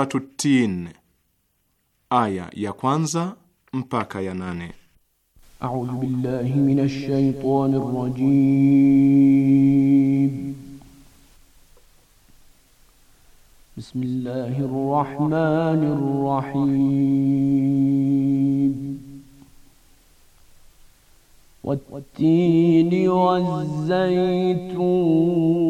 Suratu Tin, aya ya kwanza mpaka ya nane. A'udhu billahi minash shaitanir rajim. Bismillahir rahmanir rahim. والتين والزيتون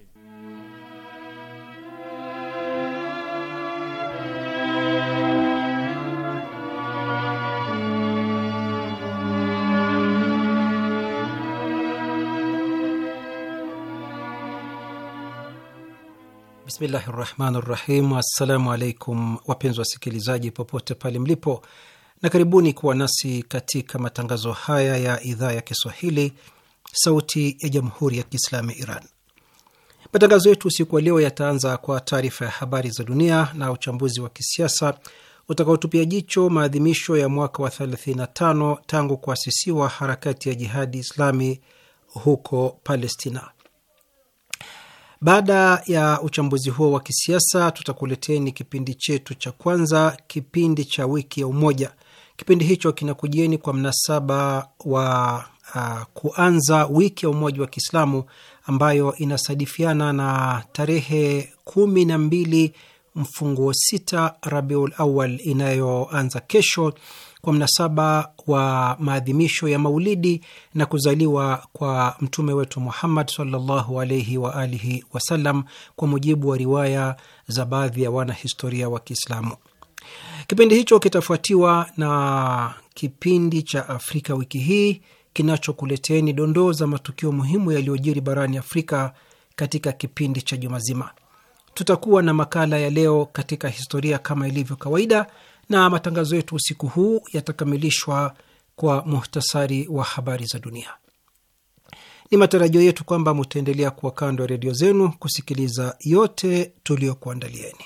Bismillahi rahmani rahim. Assalamu alaikum wapenzi wasikilizaji popote pale mlipo, na karibuni kuwa nasi katika matangazo haya ya idhaa ya Kiswahili sauti ya jamhuri ya Kiislamu Iran. Matangazo yetu usiku wa leo yataanza kwa taarifa ya habari za dunia na uchambuzi wa kisiasa utakaotupia jicho maadhimisho ya mwaka wa 35 tangu kuasisiwa harakati ya Jihadi Islami huko Palestina. Baada ya uchambuzi huo wa kisiasa, tutakuleteni kipindi chetu cha kwanza, kipindi cha wiki ya Umoja. Kipindi hicho kinakujieni kwa mnasaba wa uh, kuanza wiki ya umoja wa Kiislamu ambayo inasadifiana na tarehe kumi na mbili mfunguo sita Rabiul Awal inayoanza kesho kwa mnasaba wa maadhimisho ya maulidi na kuzaliwa kwa mtume wetu Muhammad sallallahu alaihi wa alihi wasallam, kwa mujibu wa riwaya za baadhi ya wanahistoria wa Kiislamu. Kipindi hicho kitafuatiwa na kipindi cha Afrika wiki hii kinachokuleteni dondoo za matukio muhimu yaliyojiri barani Afrika katika kipindi cha juma zima. Tutakuwa na makala ya leo katika historia kama ilivyo kawaida na matangazo yetu usiku huu yatakamilishwa kwa muhtasari wa habari za dunia. Ni matarajio yetu kwamba mutaendelea kuwa kando ya redio zenu kusikiliza yote tuliyokuandalieni.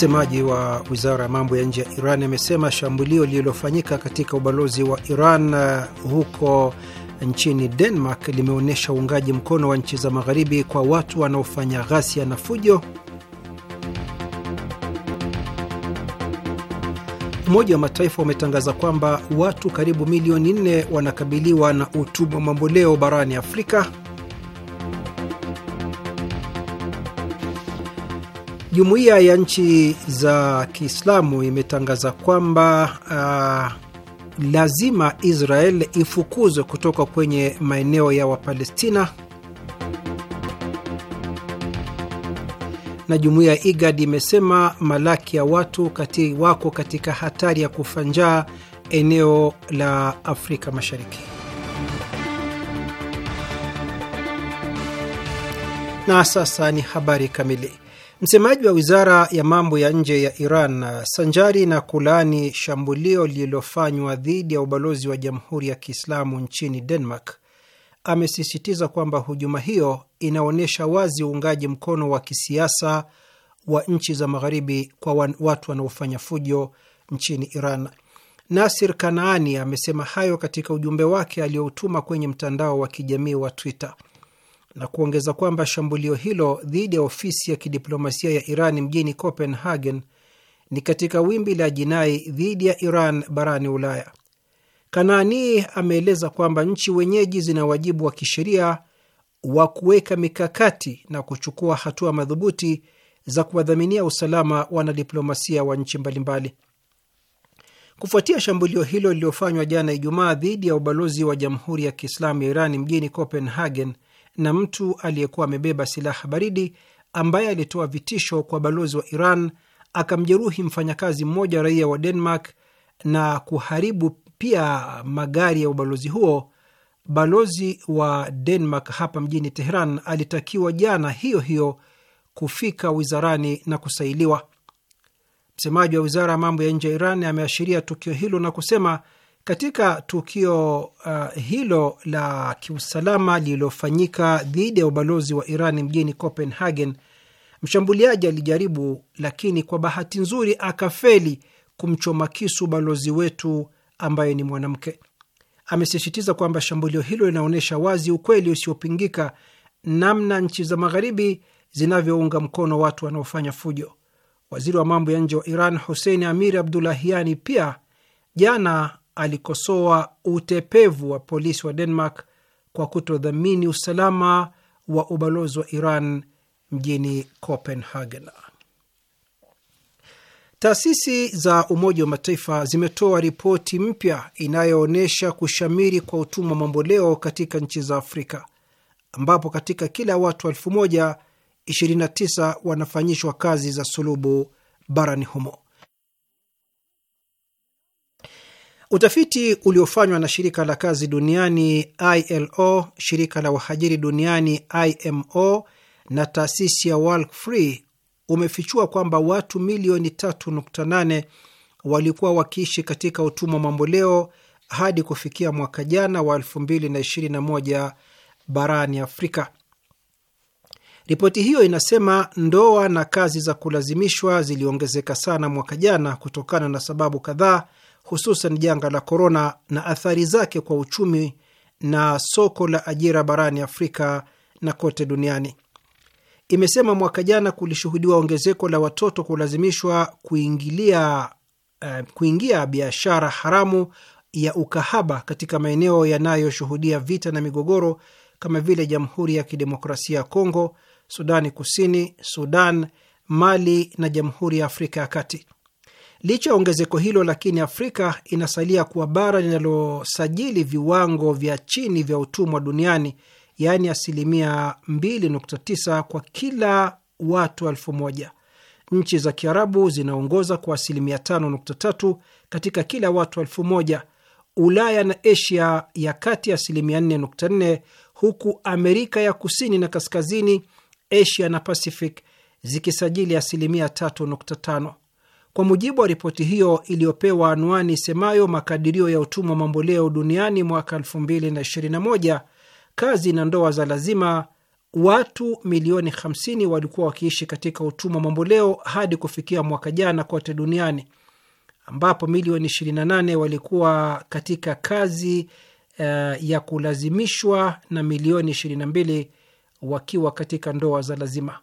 Msemaji wa wizara ya mambo ya nje ya Iran amesema shambulio lililofanyika katika ubalozi wa Iran uh, huko nchini Denmark limeonyesha uungaji mkono wa nchi za magharibi kwa watu wanaofanya ghasia na fujo. Umoja wa Mataifa umetangaza kwamba watu karibu milioni nne wanakabiliwa na utumwa mamboleo barani Afrika. Jumuiya ya nchi za Kiislamu imetangaza kwamba uh, lazima Israel ifukuzwe kutoka kwenye maeneo ya Wapalestina, na jumuiya ya IGAD imesema malaki ya watu kati wako katika hatari ya kufa njaa eneo la Afrika Mashariki. Na sasa ni habari kamili. Msemaji wa wizara ya mambo ya nje ya Iran uh, sanjari na kulaani shambulio lililofanywa dhidi ya ubalozi wa jamhuri ya Kiislamu nchini Denmark amesisitiza kwamba hujuma hiyo inaonyesha wazi uungaji mkono wa kisiasa wa nchi za magharibi kwa watu wanaofanya fujo nchini Iran. Nasir Kanaani amesema hayo katika ujumbe wake aliyoutuma kwenye mtandao wa kijamii wa Twitter na kuongeza kwamba shambulio hilo dhidi ya ofisi ya kidiplomasia ya Iran mjini Copenhagen ni katika wimbi la jinai dhidi ya Iran barani Ulaya. Kanaani ameeleza kwamba nchi wenyeji zina wajibu wa kisheria wa kuweka mikakati na kuchukua hatua madhubuti za kuwadhaminia usalama wanadiplomasia wa nchi mbalimbali. Kufuatia shambulio hilo lililofanywa jana Ijumaa dhidi ya ubalozi wa Jamhuri ya Kiislamu ya Iran mjini Copenhagen, na mtu aliyekuwa amebeba silaha baridi ambaye alitoa vitisho kwa balozi wa Iran akamjeruhi mfanyakazi mmoja raia wa Denmark na kuharibu pia magari ya ubalozi huo. Balozi wa Denmark hapa mjini Teheran alitakiwa jana hiyo hiyo kufika wizarani na kusailiwa. Msemaji wa wizara ya mambo ya nje ya Iran ameashiria tukio hilo na kusema katika tukio uh, hilo la kiusalama lililofanyika dhidi ya ubalozi wa Iran mjini Copenhagen, mshambuliaji alijaribu, lakini kwa bahati nzuri akafeli kumchoma kisu balozi wetu ambaye ni mwanamke. Amesisitiza kwamba shambulio hilo linaonyesha wazi ukweli usiopingika, namna nchi za magharibi zinavyounga mkono watu wanaofanya fujo. Waziri wa mambo ya nje wa Iran Hussein Amir Abdulahiani pia jana alikosoa utepevu wa polisi wa Denmark kwa kutodhamini usalama wa ubalozi wa Iran mjini Copenhagen. Taasisi za Umoja wa Mataifa zimetoa ripoti mpya inayoonyesha kushamiri kwa utumwa mamboleo katika nchi za Afrika, ambapo katika kila watu elfu moja 29 wanafanyishwa kazi za sulubu barani humo. Utafiti uliofanywa na shirika la kazi duniani ILO, shirika la wahajiri duniani IMO na taasisi ya Walk Free umefichua kwamba watu milioni 3.8 walikuwa wakiishi katika utumwa mamboleo hadi kufikia mwaka jana wa 2021 barani Afrika. Ripoti hiyo inasema ndoa na kazi za kulazimishwa ziliongezeka sana mwaka jana kutokana na sababu kadhaa hususan janga la korona na athari zake kwa uchumi na soko la ajira barani Afrika na kote duniani. Imesema mwaka jana kulishuhudiwa ongezeko la watoto kulazimishwa kuingilia, uh, kuingia biashara haramu ya ukahaba katika maeneo yanayoshuhudia vita na migogoro kama vile Jamhuri ya Kidemokrasia ya Kongo, Sudani Kusini, Sudan, Mali na Jamhuri ya Afrika ya Kati. Licha ya ongezeko hilo, lakini Afrika inasalia kuwa bara linalosajili viwango vya chini vya utumwa duniani, yaani asilimia 2.9 kwa kila watu elfu moja. Nchi za Kiarabu zinaongoza kwa asilimia 5.3 katika kila watu elfu moja. Ulaya na Asia ya kati asilimia 4.4, huku Amerika ya kusini na kaskazini, Asia na Pacific zikisajili asilimia 3.5. Kwa mujibu wa ripoti hiyo iliyopewa anwani semayo makadirio ya utumwa mamboleo duniani mwaka 2021, kazi na ndoa za lazima, watu milioni 50 walikuwa wakiishi katika utumwa mamboleo hadi kufikia mwaka jana kote duniani, ambapo milioni 28 walikuwa katika kazi uh, ya kulazimishwa na milioni 22 wakiwa katika ndoa za lazima.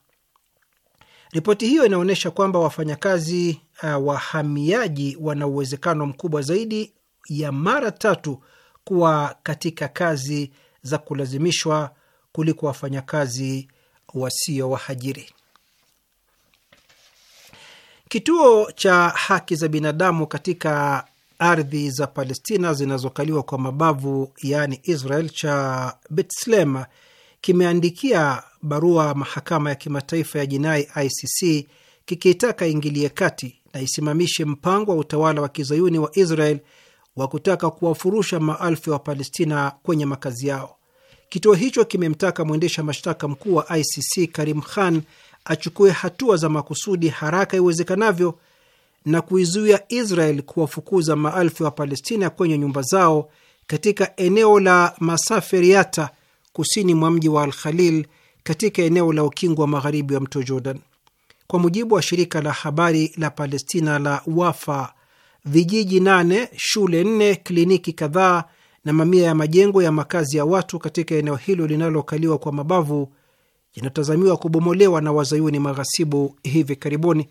Ripoti hiyo inaonyesha kwamba wafanyakazi uh, wahamiaji wana uwezekano mkubwa zaidi ya mara tatu kuwa katika kazi za kulazimishwa kuliko wafanyakazi wasio wahajiri. Kituo cha haki za binadamu katika ardhi za Palestina zinazokaliwa kwa mabavu yaani Israel cha betslem kimeandikia barua mahakama ya kimataifa ya jinai ICC kikiitaka ingilie kati na isimamishe mpango wa utawala wa kizayuni wa Israel wa kutaka kuwafurusha maelfu ya Wapalestina kwenye makazi yao. Kituo hicho kimemtaka mwendesha mashtaka mkuu wa ICC Karim Khan achukue hatua za makusudi haraka iwezekanavyo na kuizuia Israel kuwafukuza maelfu ya Wapalestina kwenye nyumba zao katika eneo la Masaferiata kusini mwa mji wa Al Khalil katika eneo la ukingo wa magharibi wa mto Jordan. Kwa mujibu wa shirika la habari la Palestina la Wafa, vijiji nane, shule nne, kliniki kadhaa na mamia ya majengo ya makazi ya watu katika eneo hilo linalokaliwa kwa mabavu yanatazamiwa kubomolewa na wazayuni maghasibu hivi karibuni.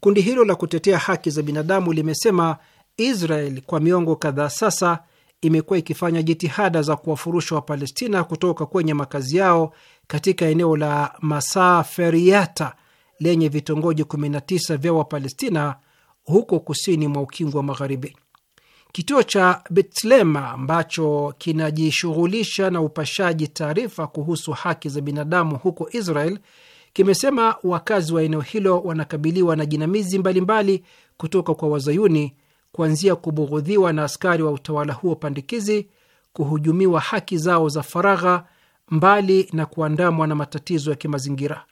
Kundi hilo la kutetea haki za binadamu limesema Israel kwa miongo kadhaa sasa imekuwa ikifanya jitihada za kuwafurusha Wapalestina kutoka kwenye makazi yao katika eneo la Masaa Feriata lenye vitongoji 19 vya Wapalestina huko kusini mwa ukingo wa Magharibi. Kituo cha Betlema ambacho kinajishughulisha na upashaji taarifa kuhusu haki za binadamu huko Israel kimesema wakazi wa eneo hilo wanakabiliwa na jinamizi mbalimbali kutoka kwa Wazayuni kuanzia kubughudhiwa na askari wa utawala huo pandikizi, kuhujumiwa haki zao za faragha, mbali na kuandamwa na matatizo ya kimazingira.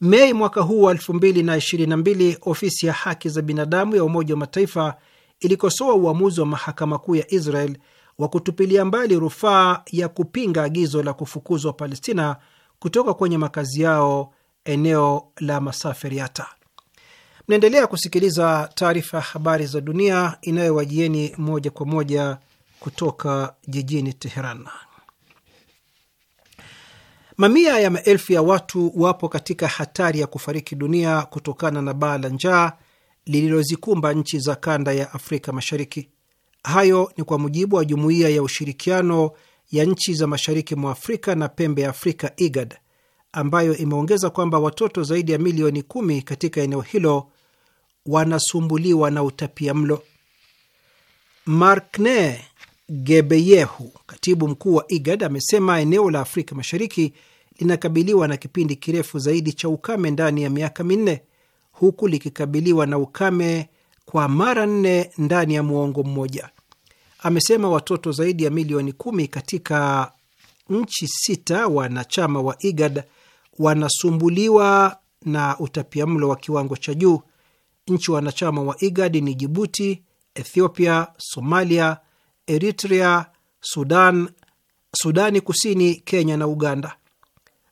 Mei mwaka huu wa 2022 ofisi ya haki za binadamu ya Umoja wa Mataifa ilikosoa uamuzi wa mahakama kuu ya Israel wa kutupilia mbali rufaa ya kupinga agizo la kufukuzwa Palestina kutoka kwenye makazi yao eneo la Masafer Yatta. Mnaendelea kusikiliza taarifa ya habari za dunia inayowajieni moja kwa moja kutoka jijini Teheran. Mamia ya maelfu ya watu wapo katika hatari ya kufariki dunia kutokana na baa la njaa lililozikumba nchi za kanda ya Afrika Mashariki. Hayo ni kwa mujibu wa Jumuiya ya Ushirikiano ya Nchi za Mashariki mwa Afrika na Pembe ya Afrika, IGAD, ambayo imeongeza kwamba watoto zaidi ya milioni kumi katika eneo hilo wanasumbuliwa na utapia mlo. Markne Gebeyehu, katibu mkuu wa IGAD, amesema eneo la Afrika Mashariki linakabiliwa na kipindi kirefu zaidi cha ukame ndani ya miaka minne huku likikabiliwa na ukame kwa mara nne ndani ya muongo mmoja. Amesema watoto zaidi ya milioni kumi katika nchi sita wanachama wa IGAD wanasumbuliwa na utapiamlo wa kiwango cha juu Nchi wanachama wa IGAD ni Jibuti, Ethiopia, Somalia, Eritrea, Sudan, Sudani Kusini, Kenya na Uganda.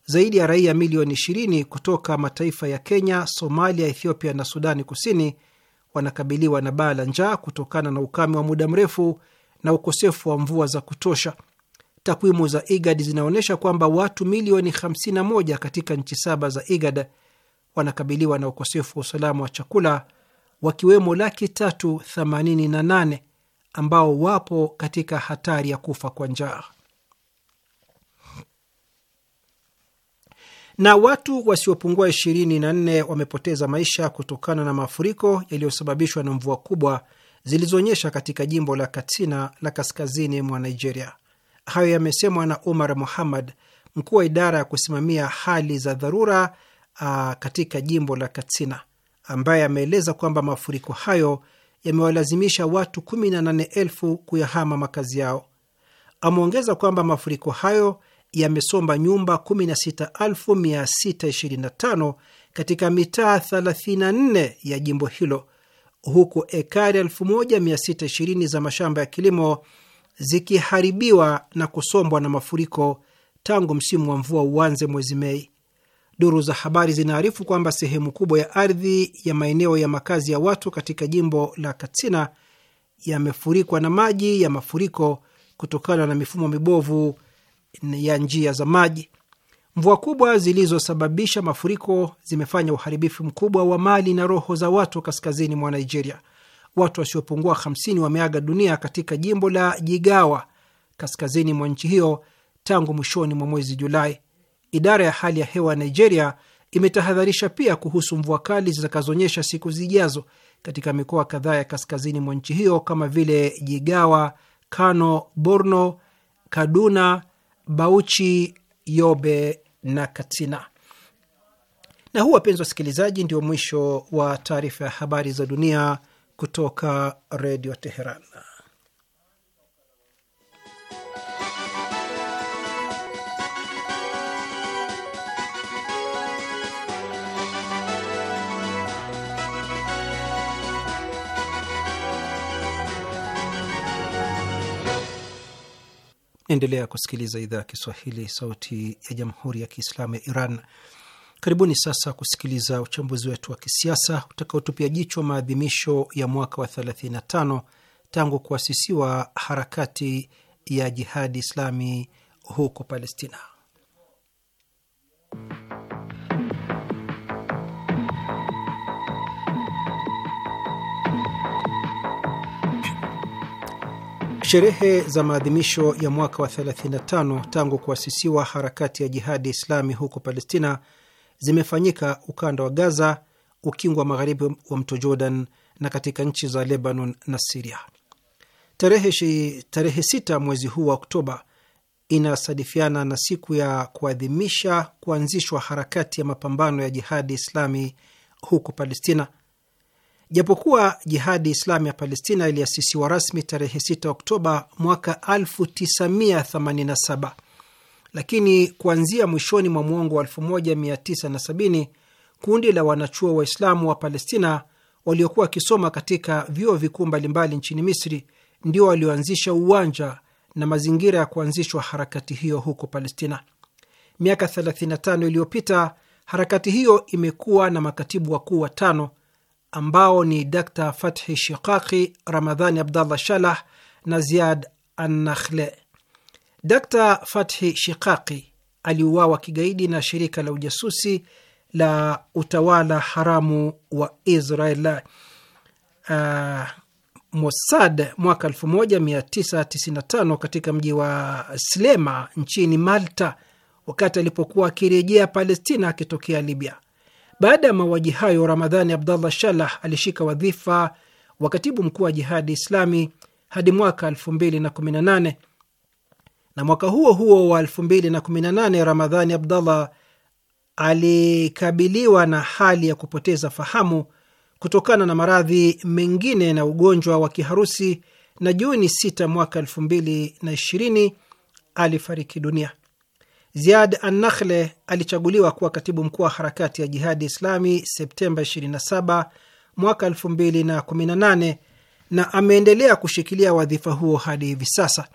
Zaidi ya raia milioni 20 kutoka mataifa ya Kenya, Somalia, Ethiopia na Sudani Kusini wanakabiliwa na baa la njaa kutokana na ukame wa muda mrefu na ukosefu wa mvua za kutosha. Takwimu za IGAD zinaonyesha kwamba watu milioni 51 katika nchi saba za IGAD wanakabiliwa na ukosefu wa usalama wa chakula wakiwemo laki tatu themanini na nane ambao wapo katika hatari ya kufa kwa njaa. Na watu wasiopungua ishirini na nne wamepoteza maisha kutokana na mafuriko yaliyosababishwa na mvua kubwa zilizoonyesha katika jimbo la Katsina la kaskazini mwa Nigeria. Hayo yamesemwa na Umar Muhammad, mkuu wa idara ya kusimamia hali za dharura katika jimbo la Katsina ambaye ameeleza kwamba mafuriko hayo yamewalazimisha watu 18,000 kuyahama makazi yao. Ameongeza kwamba mafuriko hayo yamesomba nyumba 16625 katika mitaa 34 ya jimbo hilo huku ekari 1620 za mashamba ya kilimo zikiharibiwa na kusombwa na mafuriko tangu msimu wa mvua uanze mwezi Mei. Duru za habari zinaarifu kwamba sehemu kubwa ya ardhi ya maeneo ya makazi ya watu katika jimbo la Katsina yamefurikwa na maji ya mafuriko kutokana na mifumo mibovu ya njia za maji. Mvua kubwa zilizosababisha mafuriko zimefanya uharibifu mkubwa wa mali na roho za watu kaskazini mwa Nigeria. Watu wasiopungua 50 wameaga dunia katika jimbo la Jigawa kaskazini mwa nchi hiyo tangu mwishoni mwa mwezi Julai. Idara ya hali ya hewa ya Nigeria imetahadharisha pia kuhusu mvua kali zitakazonyesha siku zijazo katika mikoa kadhaa ya kaskazini mwa nchi hiyo kama vile Jigawa, Kano, Borno, Kaduna, Bauchi, Yobe na Katsina. Na huu, wapenzi wasikilizaji, ndio mwisho wa taarifa ya habari za dunia kutoka Redio Teheran. Naendelea kusikiliza idhaa ya Kiswahili, sauti ya jamhuri ya kiislamu ya Iran. Karibuni sasa kusikiliza uchambuzi wetu wa kisiasa utakaotupia jicho maadhimisho ya mwaka wa 35 tangu kuasisiwa harakati ya jihadi Islami huko Palestina. Sherehe za maadhimisho ya mwaka wa 35 tangu kuasisiwa harakati ya Jihadi Islami huko Palestina zimefanyika ukanda wa Gaza, ukingo wa magharibi wa mto Jordan na katika nchi za Lebanon na Siria. Tarehe, tarehe sita mwezi huu wa Oktoba inasadifiana na siku ya kuadhimisha kuanzishwa harakati ya mapambano ya Jihadi Islami huko Palestina Japokuwa Jihadi Islamu ya Palestina iliasisiwa rasmi tarehe 6 Oktoba mwaka 1987 lakini kuanzia mwishoni mwa mwongo wa 1970 kundi la wanachuo Waislamu wa Palestina waliokuwa wakisoma katika vyuo vikuu mbalimbali nchini Misri ndio walioanzisha uwanja na mazingira ya kuanzishwa harakati hiyo huko Palestina. Miaka 35 iliyopita harakati hiyo imekuwa na makatibu wakuu watano ambao ni Dr Fathi Shiqaqi, Ramadhani Abdallah Shalah na Ziad Annakhle. Dr Fathi Shiqaqi aliuawa kigaidi na shirika la ujasusi la utawala haramu wa Israel uh, Mossad mwaka 1995 katika mji wa Slema nchini Malta, wakati alipokuwa akirejea Palestina akitokea Libya. Baada ya mauaji hayo, Ramadhani Abdallah Shalah alishika wadhifa wa katibu mkuu wa Jihadi Islami hadi mwaka 2018 na mwaka huo huo wa 2018 Ramadhani Abdallah alikabiliwa na hali ya kupoteza fahamu kutokana na maradhi mengine na ugonjwa wa kiharusi, na Juni 6 mwaka 2020 alifariki dunia. Ziad Annakhle alichaguliwa kuwa katibu mkuu wa harakati ya Jihadi Islami Septemba 27 mwaka 2018 na ameendelea kushikilia wadhifa huo hadi hivi sasa.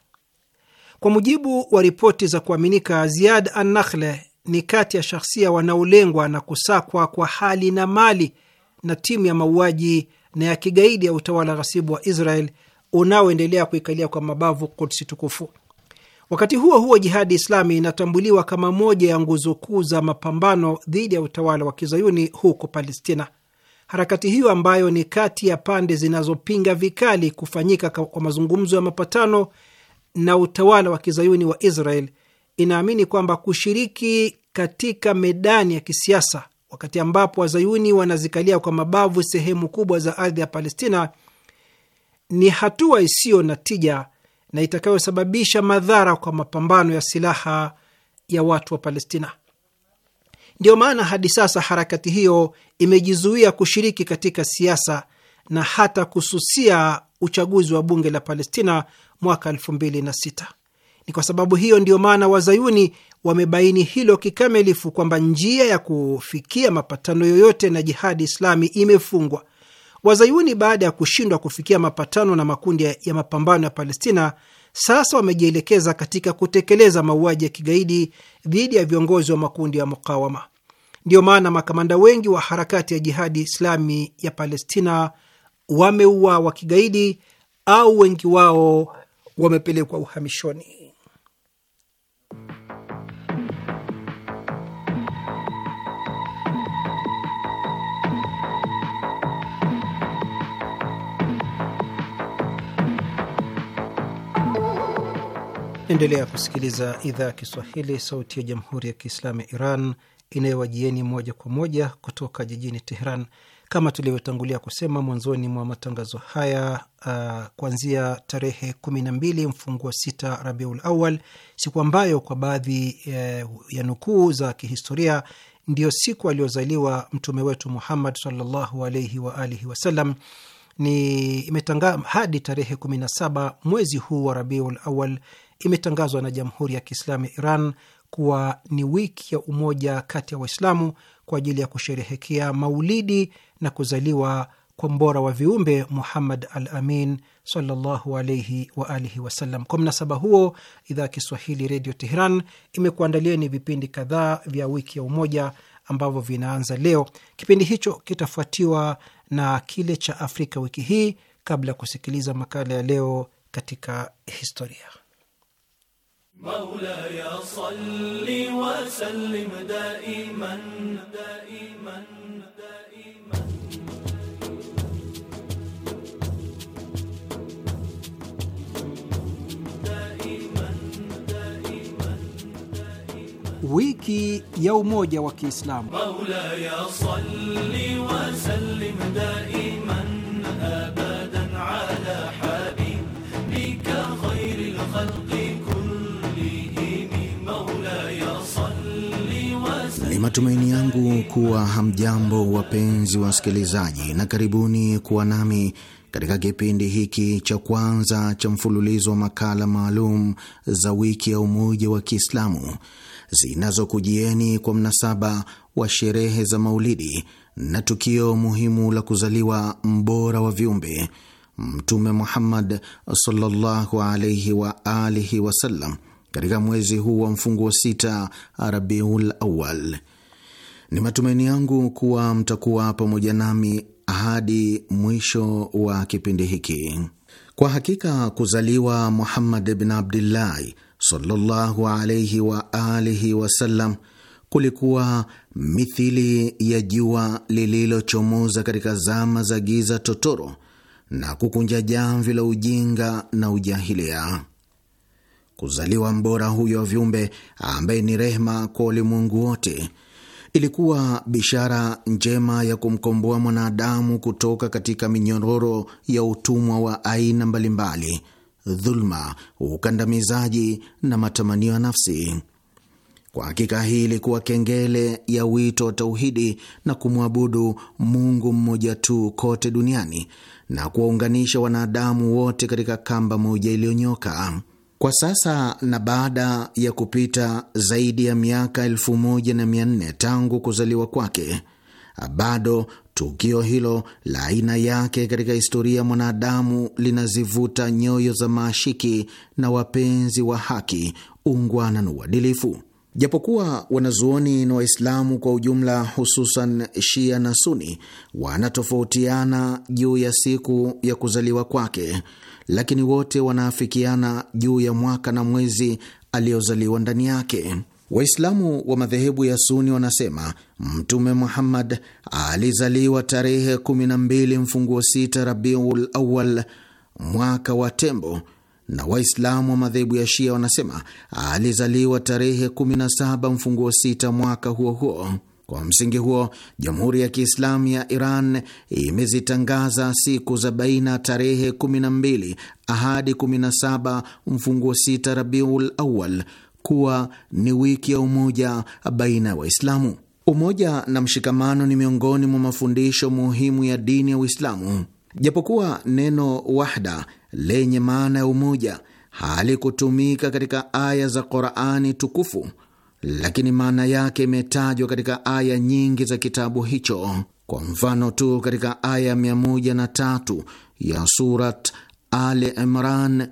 Kwa mujibu wa ripoti za kuaminika, Ziad Annakhle ni kati ya shahsia wanaolengwa na kusakwa kwa hali na mali na timu ya mauaji na ya kigaidi ya utawala ghasibu wa Israel unaoendelea kuikalia kwa mabavu Kudsi tukufu. Wakati huo huo, Jihadi Islami inatambuliwa kama moja ya nguzo kuu za mapambano dhidi ya utawala wa kizayuni huko Palestina. Harakati hiyo ambayo ni kati ya pande zinazopinga vikali kufanyika kwa mazungumzo ya mapatano na utawala wa kizayuni wa Israel inaamini kwamba kushiriki katika medani ya kisiasa wakati ambapo wazayuni wanazikalia kwa mabavu sehemu kubwa za ardhi ya Palestina ni hatua isiyo na tija na itakayosababisha madhara kwa mapambano ya silaha ya watu wa Palestina. Ndiyo maana hadi sasa harakati hiyo imejizuia kushiriki katika siasa na hata kususia uchaguzi wa bunge la Palestina mwaka 2006. Ni kwa sababu hiyo ndiyo maana wazayuni wamebaini hilo kikamilifu kwamba njia ya kufikia mapatano yoyote na Jihadi Islami imefungwa Wazayuni baada ya kushindwa kufikia mapatano na makundi ya mapambano ya Palestina sasa wamejielekeza katika kutekeleza mauaji ya kigaidi dhidi ya viongozi wa makundi ya mukawama. Ndiyo maana makamanda wengi wa harakati ya Jihadi Islami ya Palestina wameuawa kigaidi au wengi wao wamepelekwa uhamishoni. Endelea kusikiliza idhaa ya Kiswahili, sauti ya jamhuri ya kiislamu ya Iran inayowajieni moja kwa moja kutoka jijini Teheran. Kama tulivyotangulia kusema mwanzoni mwa matangazo haya, uh, kuanzia tarehe kumi na mbili mfunguo sita Rabiul Awal, siku ambayo kwa baadhi uh, ya nukuu za kihistoria ndiyo siku aliyozaliwa mtume wetu Muhammad sallallahu alaihi wa alihi wasallam ni imetangaa hadi tarehe kumi na saba mwezi huu wa Rabiul Awal imetangazwa na Jamhuri ya Kiislamu ya Iran kuwa ni wiki ya umoja kati ya Waislamu kwa ajili ya kusherehekea maulidi na kuzaliwa kwa mbora wa viumbe Muhammad al Amin sallallahu alaihi wa alihi wasallam. Kwa mnasaba huo, idhaa ya Kiswahili Redio Teheran imekuandalia ni vipindi kadhaa vya wiki ya umoja ambavyo vinaanza leo. Kipindi hicho kitafuatiwa na kile cha Afrika wiki hii, kabla ya kusikiliza makala ya leo katika historia. مولاي صل وسلم دائما دائما دائما wiki ya umoja wa Kiislamu. Maulaya salli matumaini yangu kuwa hamjambo wapenzi wa wasikilizaji, na karibuni kuwa nami katika kipindi hiki cha kwanza cha mfululizo wa makala maalum za wiki ya umoja wa Kiislamu zinazokujieni kwa mnasaba wa sherehe za Maulidi na tukio muhimu la kuzaliwa mbora wa viumbe Mtume Muhammad sallallahu alaihi wa alihi wasallam katika mwezi huu wa wa sita Rabiul Awal. Ni matumaini yangu kuwa mtakuwa pamoja nami hadi mwisho wa kipindi hiki. Kwa hakika kuzaliwa Muhammad bin Abdillahi sallallahu alaihi wa alihi wasallam kulikuwa mithili ya jua lililochomoza katika zama za giza totoro na kukunja jamvi la ujinga na ujahilia. Kuzaliwa mbora huyo wa viumbe ambaye ni rehma kwa ulimwengu wote ilikuwa bishara njema ya kumkomboa mwanadamu kutoka katika minyororo ya utumwa wa aina mbalimbali, dhuluma, ukandamizaji na matamanio ya nafsi. Kwa hakika hii ilikuwa kengele ya wito wa tauhidi na kumwabudu Mungu mmoja tu kote duniani na kuwaunganisha wanadamu wote katika kamba moja iliyonyoka. Kwa sasa na baada ya kupita zaidi ya miaka elfu moja na mia nne tangu kuzaliwa kwake, bado tukio hilo la aina yake katika historia ya mwanadamu linazivuta nyoyo za maashiki na wapenzi wa haki, ungwana na uadilifu. Japokuwa wanazuoni na Waislamu kwa ujumla, hususan Shia na Suni, wanatofautiana juu ya siku ya kuzaliwa kwake lakini wote wanaafikiana juu ya mwaka na mwezi aliyozaliwa ndani yake. Waislamu wa madhehebu ya Suni wanasema Mtume Muhammad alizaliwa tarehe 12 mfunguo 6 Rabiul Awal, mwaka wa tembo, na Waislamu wa madhehebu ya Shia wanasema alizaliwa tarehe 17 mfunguo 6 mwaka huo huo. Kwa msingi huo, Jamhuri ya Kiislamu ya Iran imezitangaza siku za baina tarehe 12 ahadi 17 mfunguo 6 Rabiul Awal kuwa ni wiki ya umoja baina ya wa Waislamu. Umoja na mshikamano ni miongoni mwa mafundisho muhimu ya dini ya Uislamu. Japokuwa neno wahda lenye maana ya umoja halikutumika katika aya za Qurani tukufu lakini maana yake imetajwa katika aya nyingi za kitabu hicho. Kwa mfano tu katika aya 103 ya Surat Ali Imran,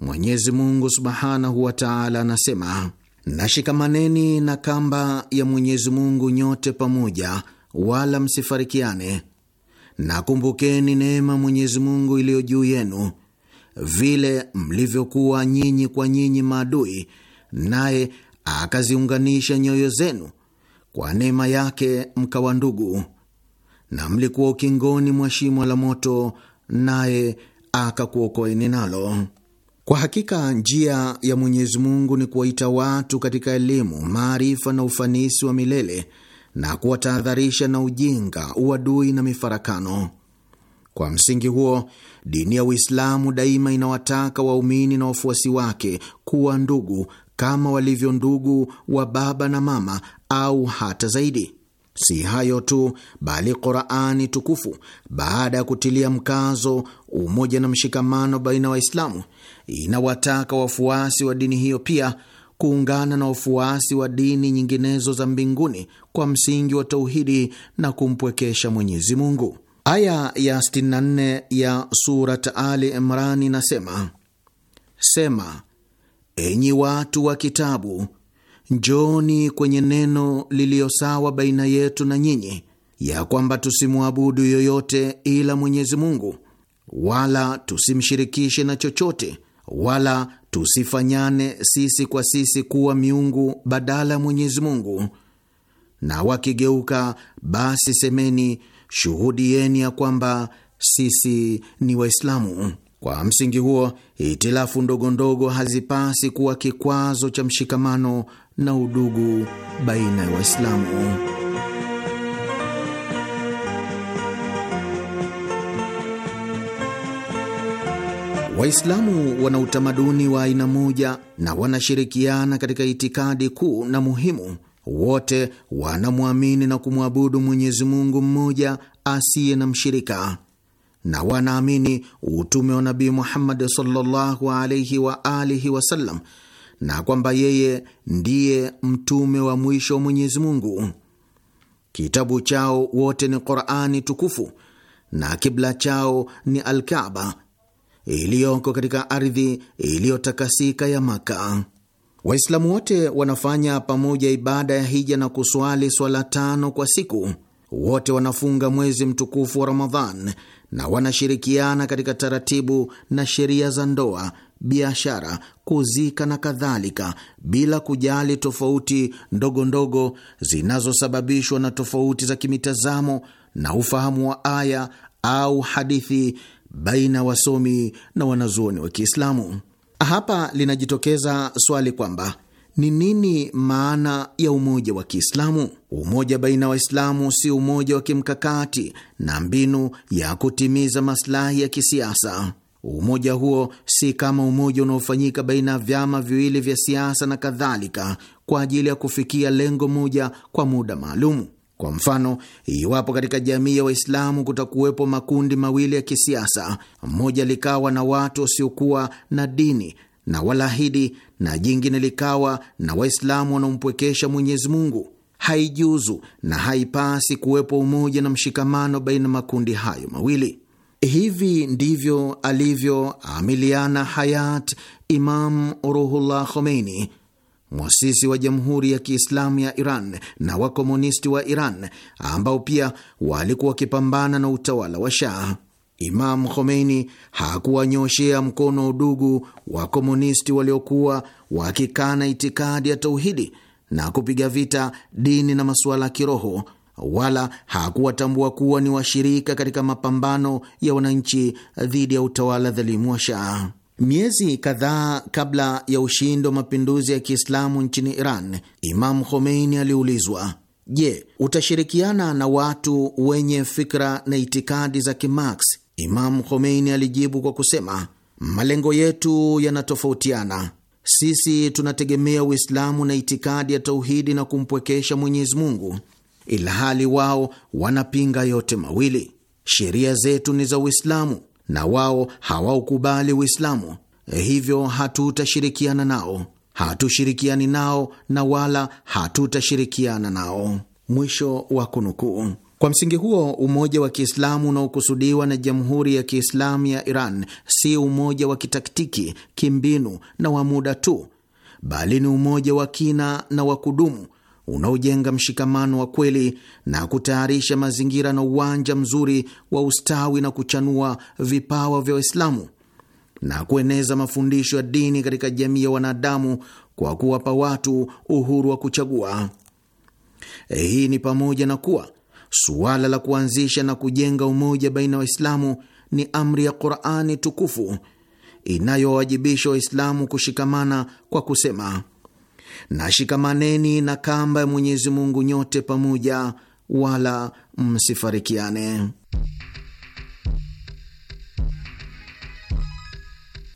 Mwenyezi Mungu subhanahu wa taala anasema, nashikamaneni na kamba ya Mwenyezi Mungu nyote pamoja, wala msifarikiane, nakumbukeni neema Mwenyezi Mungu iliyo juu yenu, vile mlivyokuwa nyinyi kwa nyinyi maadui, naye akaziunganisha nyoyo zenu kwa neema yake, mkawa ndugu, na mlikuwa ukingoni mwa shimo la moto, naye akakuokoeni nalo. Kwa hakika njia ya Mwenyezi Mungu ni kuwaita watu katika elimu, maarifa na ufanisi wa milele na kuwatahadharisha na ujinga, uadui na mifarakano. Kwa msingi huo, dini ya Uislamu daima inawataka waumini na wafuasi wake kuwa ndugu kama walivyo ndugu wa baba na mama au hata zaidi. Si hayo tu, bali Qurani tukufu baada ya kutilia mkazo umoja na mshikamano baina ya Waislamu inawataka wafuasi wa dini hiyo pia kuungana na wafuasi wa dini nyinginezo za mbinguni kwa msingi wa tauhidi na kumpwekesha Mwenyezi Mungu. Aya ya 64 ya Surat Ali Imran inasema: Sema, Enyi watu wa Kitabu, njoni kwenye neno liliyo sawa baina yetu na nyinyi, ya kwamba tusimwabudu yoyote ila Mwenyezi Mungu, wala tusimshirikishe na chochote, wala tusifanyane sisi kwa sisi kuwa miungu badala ya Mwenyezi Mungu. Na wakigeuka basi semeni, shuhudieni ya kwamba sisi ni Waislamu. Kwa msingi huo, hitilafu ndogo ndogo hazipasi kuwa kikwazo cha mshikamano na udugu baina ya Waislamu. Waislamu wana utamaduni wa aina moja na wanashirikiana katika itikadi kuu na muhimu. Wote wanamwamini na kumwabudu Mwenyezi Mungu mmoja asiye na mshirika na wanaamini utume wa Nabii Muhammad sallallahu alaihi wa alihi wasallam na kwamba yeye ndiye mtume wa mwisho wa Mwenyezi Mungu. Kitabu chao wote ni Qurani tukufu na kibla chao ni Alkaba iliyoko katika ardhi iliyotakasika ya Maka. Waislamu wote wanafanya pamoja ibada ya hija na kuswali swala tano kwa siku. Wote wanafunga mwezi mtukufu wa Ramadhan na wanashirikiana katika taratibu na sheria za ndoa, biashara, kuzika na kadhalika, bila kujali tofauti ndogo ndogo zinazosababishwa na tofauti za kimitazamo na ufahamu wa aya au hadithi baina wasomi na wanazuoni wa Kiislamu. Hapa linajitokeza swali kwamba ni nini maana ya umoja wa Kiislamu? Umoja baina Waislamu si umoja wa kimkakati na mbinu ya kutimiza masilahi ya kisiasa. Umoja huo si kama umoja unaofanyika baina ya vyama viwili vya siasa na kadhalika, kwa ajili ya kufikia lengo moja kwa muda maalumu. Kwa mfano, iwapo katika jamii ya Waislamu kutakuwepo makundi mawili ya kisiasa, mmoja likawa na watu wasiokuwa na dini na walahidi na jingine likawa na Waislamu wanaompwekesha Mwenyezi Mungu. Haijuzu na haipasi kuwepo umoja na mshikamano baina makundi hayo mawili. Hivi ndivyo alivyoamiliana hayat Imam Ruhullah Khomeini, mwasisi wa Jamhuri ya Kiislamu ya Iran na wakomunisti wa Iran, ambao pia walikuwa wakipambana na utawala wa Shah. Imam Khomeini hakuwanyoshea mkono udugu wa komunisti waliokuwa wakikana itikadi ya tauhidi na kupiga vita dini na masuala ya kiroho, wala hakuwatambua kuwa ni washirika katika mapambano ya wananchi dhidi ya utawala dhalimu wa Shah. Miezi kadhaa kabla ya ushindi wa mapinduzi ya Kiislamu nchini Iran, Imam Khomeini aliulizwa Je, utashirikiana na watu wenye fikra na itikadi za Kimarx Imamu Khomeini alijibu kwa kusema, malengo yetu yanatofautiana. Sisi tunategemea Uislamu na itikadi ya tauhidi na kumpwekesha Mwenyezi Mungu, ilhali wao wanapinga yote mawili. Sheria zetu ni za Uislamu na wao hawaukubali Uislamu, hivyo hatutashirikiana nao, hatushirikiani nao na wala hatutashirikiana nao. Mwisho wa kunukuu. Kwa msingi huo umoja wa Kiislamu unaokusudiwa na Jamhuri ya Kiislamu ya Iran si umoja wa kitaktiki, kimbinu na wa muda tu, bali ni umoja wa kina na wa kudumu unaojenga mshikamano wa kweli na kutayarisha mazingira na uwanja mzuri wa ustawi na kuchanua vipawa vya Waislamu na kueneza mafundisho ya dini katika jamii ya wanadamu kwa kuwapa watu uhuru wa kuchagua. Eh, hii ni pamoja na kuwa suala la kuanzisha na kujenga umoja baina ya Waislamu ni amri ya Qurani tukufu inayowajibisha Waislamu kushikamana kwa kusema, nashikamaneni na kamba ya Mwenyezi Mungu nyote pamoja, wala msifarikiane.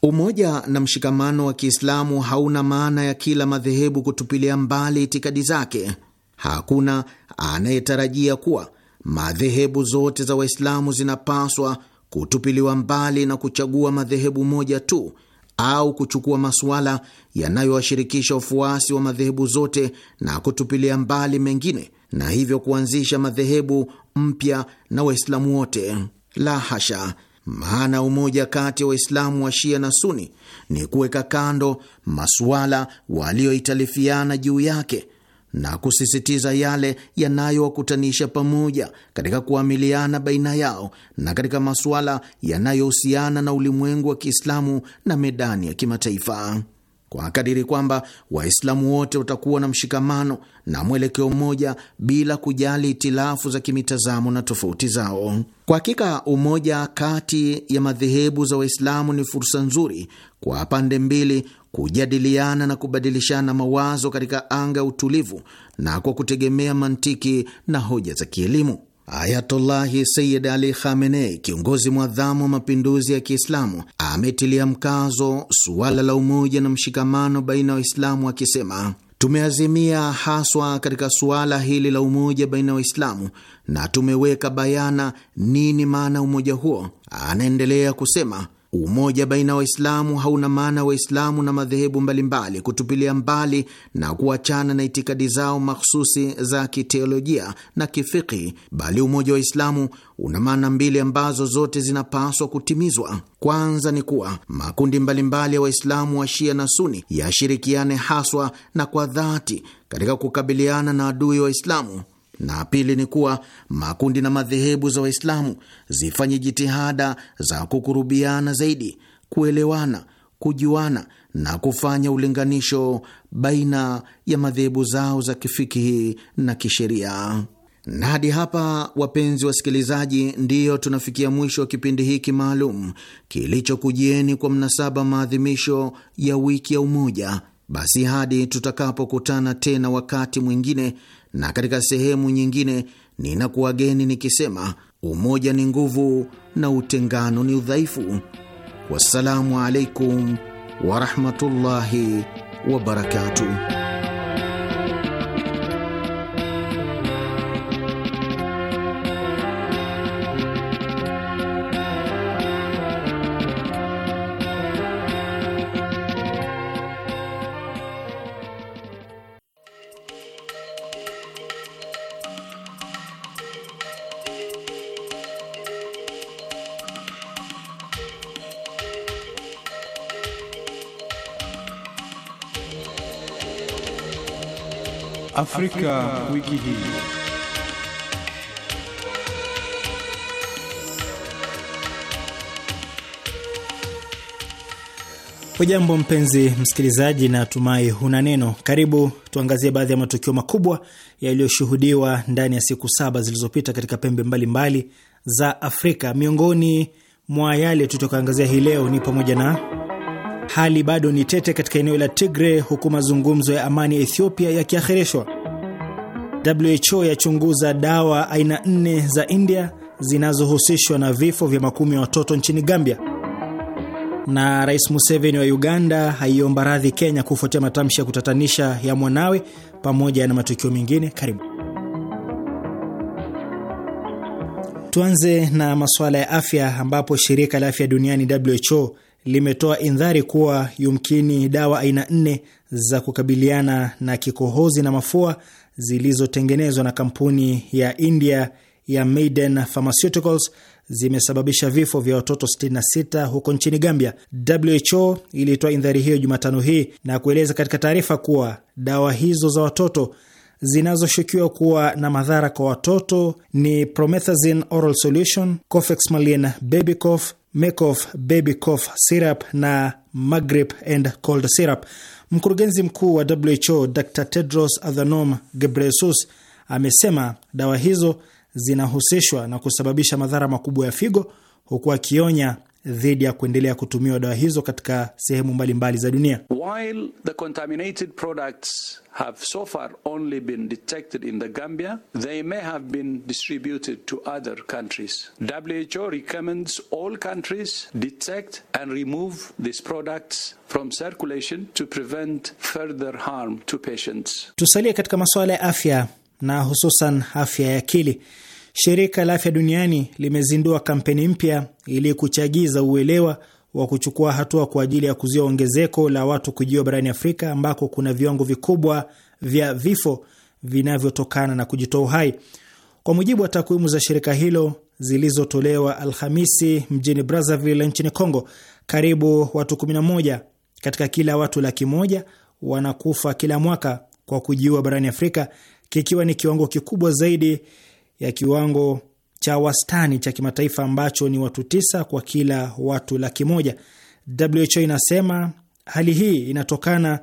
Umoja na mshikamano wa Kiislamu hauna maana ya kila madhehebu kutupilia mbali itikadi zake. Hakuna anayetarajia kuwa madhehebu zote za Waislamu zinapaswa kutupiliwa mbali na kuchagua madhehebu moja tu au kuchukua masuala yanayowashirikisha wafuasi wa madhehebu zote na kutupilia mbali mengine na hivyo kuanzisha madhehebu mpya na Waislamu wote. La hasha! Maana umoja kati ya Waislamu wa Shia na Suni ni kuweka kando masuala walioitalifiana juu yake na kusisitiza yale yanayowakutanisha pamoja katika kuamiliana baina yao na katika masuala yanayohusiana na ulimwengu wa Kiislamu na medani ya kimataifa kwa kadiri kwamba Waislamu wote watakuwa na mshikamano na mwelekeo mmoja bila kujali itilafu za kimitazamo na tofauti zao. Kwa hakika umoja kati ya madhehebu za Waislamu ni fursa nzuri kwa pande mbili kujadiliana na kubadilishana mawazo katika anga ya utulivu na kwa kutegemea mantiki na hoja za kielimu. Ayatullahi Sayyid Ali Khamenei, kiongozi mwadhamu wa mapinduzi ya Kiislamu, ametilia mkazo suala la umoja na mshikamano baina ya Waislamu akisema Tumeazimia haswa katika suala hili la umoja baina ya Waislamu na tumeweka bayana nini maana umoja huo. Anaendelea kusema Umoja baina ya Waislamu hauna maana Waislamu na madhehebu mbalimbali kutupilia mbali na kuachana na itikadi zao makhususi za kiteolojia na kifiki, bali umoja wa Waislamu una maana mbili ambazo zote zinapaswa kutimizwa. Kwanza ni kuwa makundi mbalimbali ya Waislamu wa Shia na Suni yashirikiane haswa na kwa dhati katika kukabiliana na adui Waislamu na pili ni kuwa makundi na madhehebu za Waislamu zifanye jitihada za kukurubiana zaidi, kuelewana, kujuana na kufanya ulinganisho baina ya madhehebu zao za kifikihi na kisheria. Na hadi hapa, wapenzi wasikilizaji, ndiyo tunafikia mwisho wa kipindi hiki maalum kilichokujieni kwa mnasaba maadhimisho ya wiki ya Umoja. Basi hadi tutakapokutana tena wakati mwingine na katika sehemu nyingine ninakuwageni nikisema umoja ni nguvu na utengano ni udhaifu. Wassalamu alaikum warahmatullahi wabarakatuh. Afrika, wiki hii. Hujambo mpenzi msikilizaji, na tumai huna neno. Karibu tuangazie baadhi ya matukio makubwa yaliyoshuhudiwa ndani ya siku saba zilizopita katika pembe mbalimbali mbali za Afrika. Miongoni mwa yale tutakaangazia hii leo ni pamoja na hali bado ni tete katika eneo la Tigre, huku mazungumzo ya amani ya Ethiopia yakiahirishwa WHO yachunguza dawa aina nne za India zinazohusishwa na vifo vya makumi ya watoto nchini Gambia, na Rais Museveni wa Uganda haiomba radhi Kenya kufuatia matamshi ya kutatanisha ya mwanawe, pamoja na matukio mengine. Karibu. Tuanze na masuala ya afya ambapo shirika la afya duniani WHO limetoa indhari kuwa yumkini dawa aina nne za kukabiliana na kikohozi na mafua zilizotengenezwa na kampuni ya India ya Maiden Pharmaceuticals zimesababisha vifo vya watoto 66 huko nchini Gambia. WHO ilitoa indhari hiyo Jumatano hii na kueleza katika taarifa kuwa dawa hizo za watoto zinazoshukiwa kuwa na madhara kwa watoto ni promethazine oral solution, cofexmalin baby cough, Macof baby cough syrup na Magrip and cold syrup. Mkurugenzi mkuu wa WHO Dr Tedros Adhanom Ghebreyesus amesema dawa hizo zinahusishwa na kusababisha madhara makubwa ya figo, huku akionya dhidi ya kuendelea kutumiwa dawa hizo katika sehemu mbalimbali za dunia. While the contaminated products have so far only been detected in the Gambia, they may have been distributed to other countries. WHO recommends all countries detect and remove these products from circulation to prevent further harm to patients. Tusalie katika masuala ya afya na hususan afya ya akili. Shirika la Afya Duniani limezindua kampeni mpya ili kuchagiza uelewa wa kuchukua hatua kwa ajili ya kuzuia ongezeko la watu kujiua barani Afrika ambako kuna viwango vikubwa vya vifo vinavyotokana na kujitoa uhai. Kwa mujibu wa takwimu za shirika hilo zilizotolewa Alhamisi mjini Brazzaville nchini Congo, karibu watu 11 katika kila watu laki moja wanakufa kila mwaka kwa kujiua barani Afrika, kikiwa ni kiwango kikubwa zaidi ya kiwango cha wastani cha kimataifa ambacho ni watu tisa kwa kila watu laki moja. WHO inasema hali hii inatokana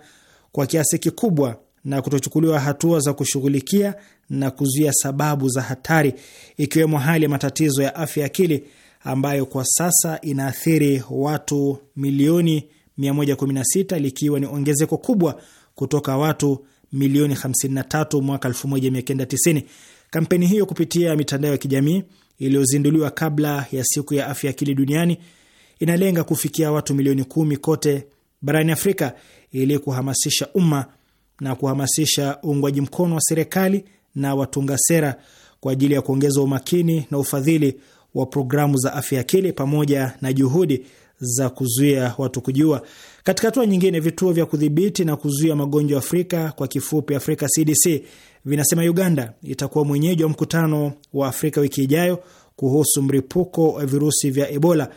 kwa kiasi kikubwa na kutochukuliwa hatua za kushughulikia na kuzuia sababu za hatari, ikiwemo hali ya matatizo ya afya akili ambayo kwa sasa inaathiri watu milioni 116 likiwa ni ongezeko kubwa kutoka watu milioni 53 mwaka 1990. Kampeni hiyo kupitia mitandao ya kijamii iliyozinduliwa kabla ya siku ya afya akili duniani inalenga kufikia watu milioni kumi kote barani Afrika ili kuhamasisha umma na kuhamasisha uungwaji mkono wa serikali na watunga sera kwa ajili ya kuongeza umakini na ufadhili wa programu za afya akili pamoja na juhudi za kuzuia watu kujua katika hatua nyingine, vituo vya kudhibiti na kuzuia magonjwa Afrika kwa kifupi Afrika CDC vinasema Uganda itakuwa mwenyeji wa mkutano wa Afrika wiki ijayo kuhusu mripuko wa virusi vya Ebola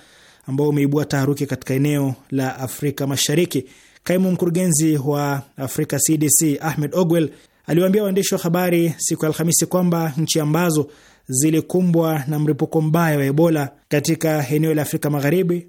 ambao umeibua taharuki katika eneo la Afrika Mashariki. Kaimu mkurugenzi wa Afrika CDC Ahmed Ogwell aliwaambia waandishi wa habari siku ya Alhamisi kwamba nchi ambazo zilikumbwa na mripuko mbaya wa Ebola katika eneo la Afrika Magharibi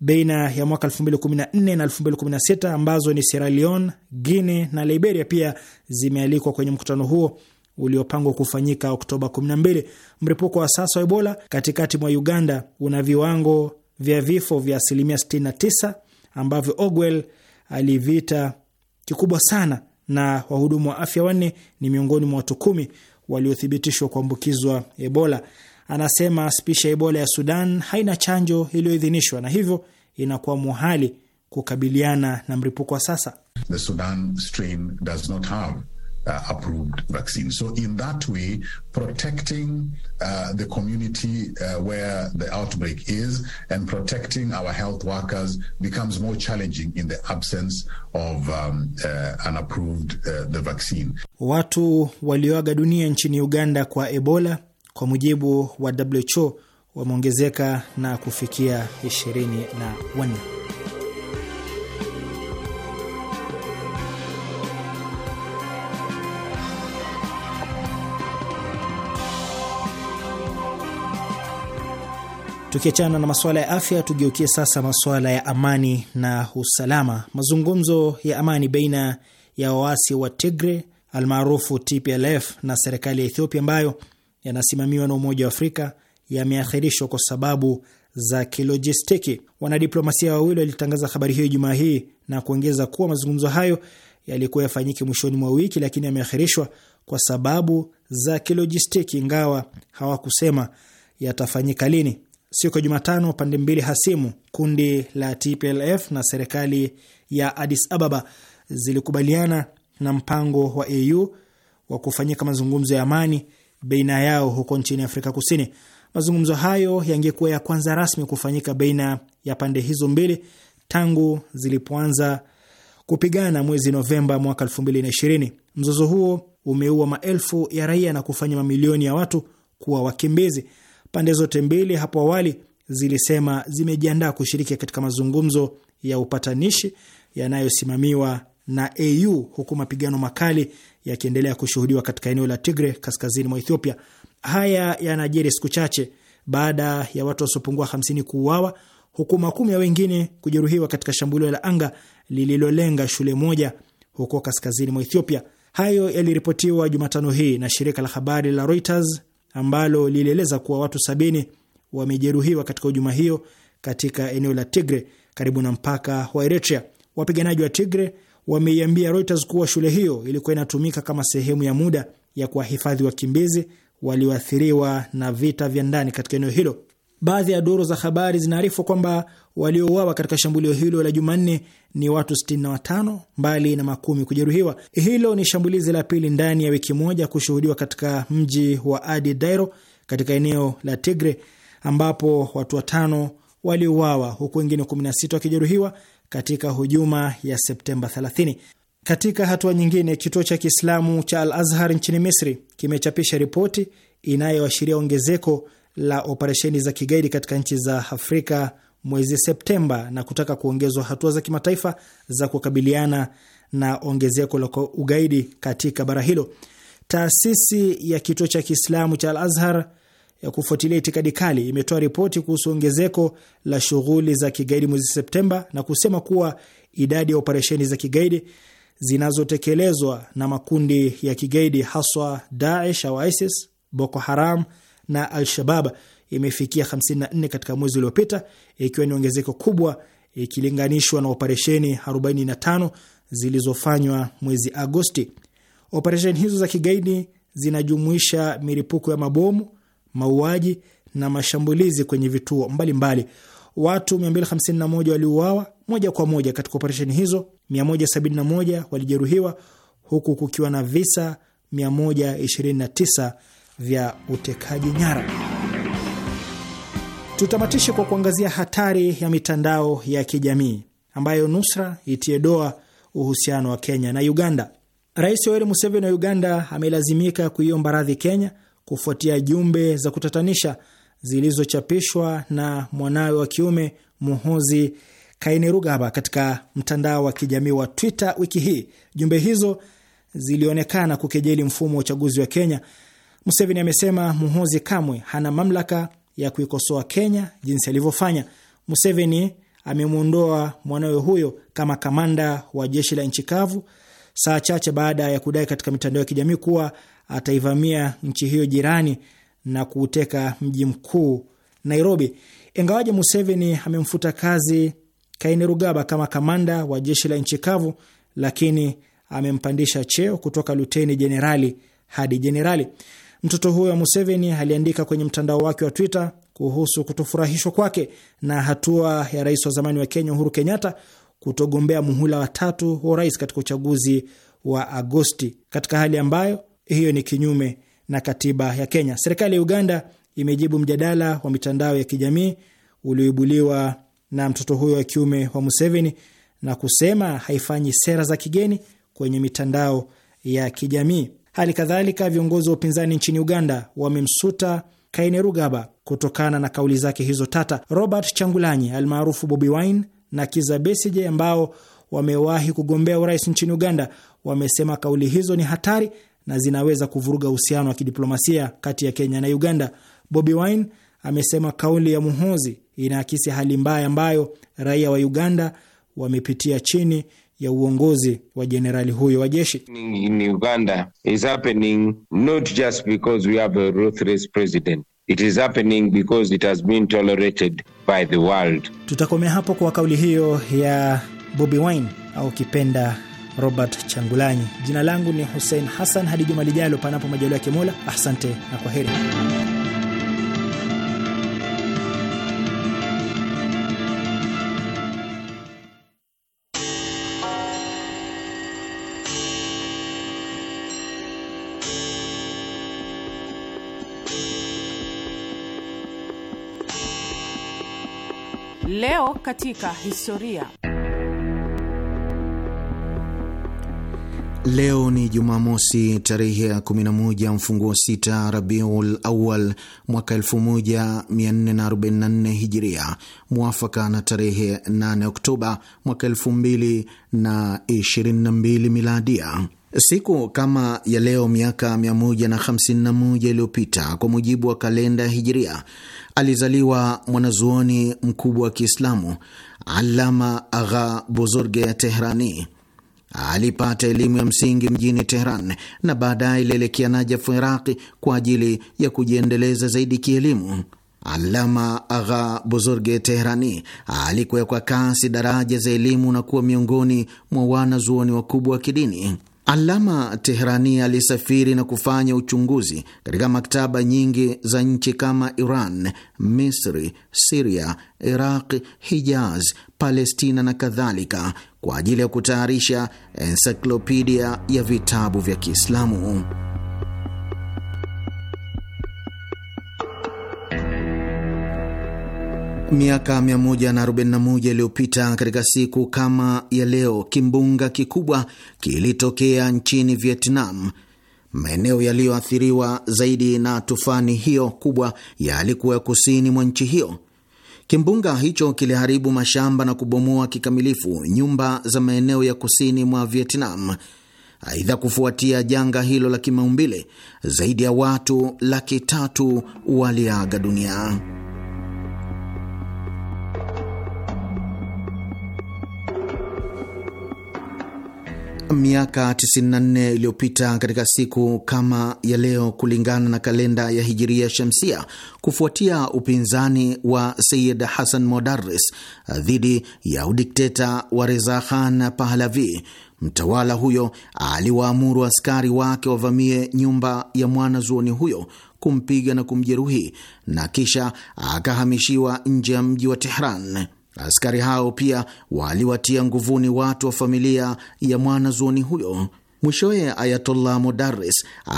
baina ya mwaka 2014 na 2016 ambazo ni Sierra Leone, Guinea na Liberia pia zimealikwa kwenye mkutano huo uliopangwa kufanyika Oktoba 12. Mripuko wa sasa wa Ebola katikati mwa Uganda una viwango vya vifo vya asilimia 69 ambavyo Ogwell alivita kikubwa sana, na wahudumu wa afya wanne ni miongoni mwa watu kumi waliothibitishwa kuambukizwa Ebola anasema spishi ya Ebola ya Sudan haina chanjo iliyoidhinishwa na hivyo inakuwa muhali kukabiliana na mlipuko wa sasa. The Sudan strain does not have Uh, approved vaccine. So in that way, protecting uh, the community uh, where the outbreak is and protecting our health workers becomes more challenging in the absence of um, uh, an approved uh, the vaccine. Watu walioaga dunia nchini Uganda kwa Ebola kwa mujibu wa WHO wameongezeka na kufikia 24. Tukiachana na masuala ya afya, tugeukie sasa masuala ya amani na usalama. Mazungumzo ya amani baina ya waasi wa Tigre almaarufu TPLF na serikali ya Ethiopia ambayo yanasimamiwa na Umoja wa Afrika yameahirishwa kwa sababu za kilojistiki. Wanadiplomasia wawili walitangaza habari hiyo Jumaa hii na kuongeza kuwa mazungumzo hayo yalikuwa yafanyike mwishoni mwa wiki, lakini yameahirishwa kwa sababu za kilojistiki, ingawa hawakusema yatafanyika lini. Siku ya Jumatano, pande mbili hasimu, kundi la TPLF na serikali ya Addis Ababa, zilikubaliana na mpango wa AU wa kufanyika mazungumzo ya amani baina yao huko nchini Afrika Kusini. Mazungumzo hayo yangekuwa ya kwanza rasmi kufanyika baina ya pande hizo mbili tangu zilipoanza kupigana mwezi Novemba mwaka 2020. Mzozo huo umeua maelfu ya raia na kufanya mamilioni ya watu kuwa wakimbizi. Pande zote mbili hapo awali zilisema zimejiandaa kushiriki katika mazungumzo ya upatanishi yanayosimamiwa na AU huku mapigano makali yakiendelea kushuhudiwa katika eneo la Tigre kaskazini mwa Ethiopia. Haya yanajiri siku chache baada ya watu wasiopungua 50 kuuawa huku makumi ya wengine kujeruhiwa katika shambulio la anga lililolenga shule moja huko kaskazini mwa Ethiopia. Hayo yaliripotiwa Jumatano hii na shirika la habari la Reuters ambalo lilieleza kuwa watu sabini wamejeruhiwa katika hujuma hiyo katika eneo la Tigre karibu na mpaka wa Eritrea. Wapiganaji wa Tigre wameiambia Reuters kuwa shule hiyo ilikuwa inatumika kama sehemu ya muda ya kuwahifadhi wakimbizi walioathiriwa na vita vya ndani katika eneo hilo. Baadhi ya duru za habari zinaarifu kwamba waliouawa katika shambulio hilo la Jumanne ni watu 65 mbali na makumi kujeruhiwa. Hilo ni shambulizi la pili ndani ya wiki moja kushuhudiwa katika mji wa Adi Dairo katika eneo la Tigre ambapo watu watano waliuawa huku wengine 16 wakijeruhiwa katika hujuma ya Septemba 30. Katika hatua nyingine, kituo cha Kiislamu cha Al Azhar nchini Misri kimechapisha ripoti inayoashiria ongezeko la operesheni za kigaidi katika nchi za Afrika mwezi Septemba na kutaka kuongezwa hatua za kimataifa za kukabiliana na ongezeko la ugaidi katika bara hilo. Taasisi ya kituo cha Kiislamu cha Al Azhar ya kufuatilia itikadi kali imetoa ripoti kuhusu ongezeko la shughuli za kigaidi mwezi Septemba na kusema kuwa idadi ya operesheni za kigaidi zinazotekelezwa na makundi ya kigaidi haswa Daesh au ISIS, Boko Haram na Al-Shabab imefikia 54 katika mwezi uliopita, ikiwa ni ongezeko kubwa ikilinganishwa na operesheni 45 zilizofanywa mwezi Agosti. Operesheni hizo za kigaidi zinajumuisha miripuko ya mabomu mauaji na mashambulizi kwenye vituo mbalimbali mbali. Watu 251 waliuawa moja kwa moja katika operesheni hizo, 171 walijeruhiwa huku kukiwa na visa 129 vya utekaji nyara. Tutamatishe kwa kuangazia hatari ya mitandao ya kijamii ambayo nusra itie doa uhusiano wa Kenya na Uganda. Rais Yoweri Museveni wa Uganda amelazimika kuiomba radhi Kenya kufuatia jumbe za kutatanisha zilizochapishwa na mwanawe wa kiume Muhozi Kainerugaba katika mtandao wa kijamii wa Twitter wiki hii. Jumbe hizo zilionekana kukejeli mfumo wa uchaguzi wa Kenya. Museveni amesema Muhozi kamwe hana mamlaka ya kuikosoa Kenya jinsi alivyofanya. Museveni amemwondoa mwanawe huyo kama kamanda wa jeshi la nchi kavu saa chache baada ya kudai katika mitandao ya kijamii kuwa ataivamia nchi hiyo jirani na kuuteka mji mkuu Nairobi. Ingawaje Museveni amemfuta kazi Kainerugaba kama kamanda wa jeshi la nchi kavu, lakini amempandisha cheo kutoka luteni jenerali hadi jenerali. Mtoto huyo wa Museveni aliandika kwenye mtandao wake wa Twitter kuhusu kutofurahishwa kwake na hatua ya rais wa zamani wa Kenya Uhuru Kenyatta kutogombea muhula watatu wa urais katika uchaguzi wa Agosti, katika hali ambayo hiyo ni kinyume na katiba ya Kenya. Serikali ya Uganda imejibu mjadala wa mitandao ya kijamii ulioibuliwa na mtoto huyo wa kiume wa Museveni na kusema haifanyi sera za kigeni kwenye mitandao ya kijamii. Hali kadhalika, viongozi wa upinzani nchini Uganda wamemsuta Kainerugaba kutokana na kauli zake hizo tata. Robert Changulanyi almaarufu Bobi Wine na Kiza Besije ambao wamewahi kugombea urais nchini Uganda wamesema kauli hizo ni hatari na zinaweza kuvuruga uhusiano wa kidiplomasia kati ya Kenya na Uganda. Bobi Wine amesema kauli ya Muhozi inaakisi hali mbaya ambayo raia wa Uganda wamepitia chini ya uongozi wa jenerali huyo wa jeshi. In Uganda is happening not just because we have a ruthless president. It is happening because it has been tolerated by the world. Tutakomea hapo kwa kauli hiyo ya Bobi Wine au kipenda Robert Changulanyi. Jina langu ni Hussein Hassan, hadi juma lijalo, panapo majalo ya Mola. Asante na kwa heri. Leo katika historia Leo ni Jumamosi tarehe ya 11 mfunguo sita Rabiul Awal mwaka 1444 Hijiria, mwafaka na tarehe 8 Oktoba mwaka 2022 Miladia. Siku kama ya leo miaka 151 iliyopita kwa mujibu wa kalenda ya Hijiria alizaliwa mwanazuoni mkubwa wa Kiislamu Alama Agha Bozorge ya Tehrani. Alipata elimu ya msingi mjini teheran na baadaye ilielekea Najafu, Iraqi, kwa ajili ya kujiendeleza zaidi kielimu. Alama Agha Buzurge Teherani alikuwekwa kwa kasi daraja za elimu na kuwa miongoni mwa wanazuoni wakubwa wa kidini. Alama Teherani alisafiri na kufanya uchunguzi katika maktaba nyingi za nchi kama Iran, Misri, Siria, Iraq, Hijaz, Palestina na kadhalika kwa ajili ya kutayarisha ensiklopidia ya vitabu vya Kiislamu. Miaka 141 iliyopita katika siku kama ya leo, kimbunga kikubwa kilitokea nchini Vietnam. Maeneo yaliyoathiriwa zaidi na tufani hiyo kubwa yalikuwa ya kusini mwa nchi hiyo. Kimbunga hicho kiliharibu mashamba na kubomoa kikamilifu nyumba za maeneo ya kusini mwa Vietnam. Aidha, kufuatia janga hilo la kimaumbile, zaidi ya watu laki tatu waliaga dunia. Miaka 94 iliyopita katika siku kama ya leo, kulingana na kalenda ya Hijiria Shamsia, kufuatia upinzani wa Sayid Hassan Modarres dhidi ya udikteta wa Reza Khan Pahlavi, mtawala huyo aliwaamuru askari wake wavamie nyumba ya mwanazuoni huyo kumpiga na kumjeruhi na kisha akahamishiwa nje ya mji wa Tehran. Askari hao pia waliwatia nguvuni watu wa familia ya mwanazuoni huyo. Mwishowe Ayatollah Modares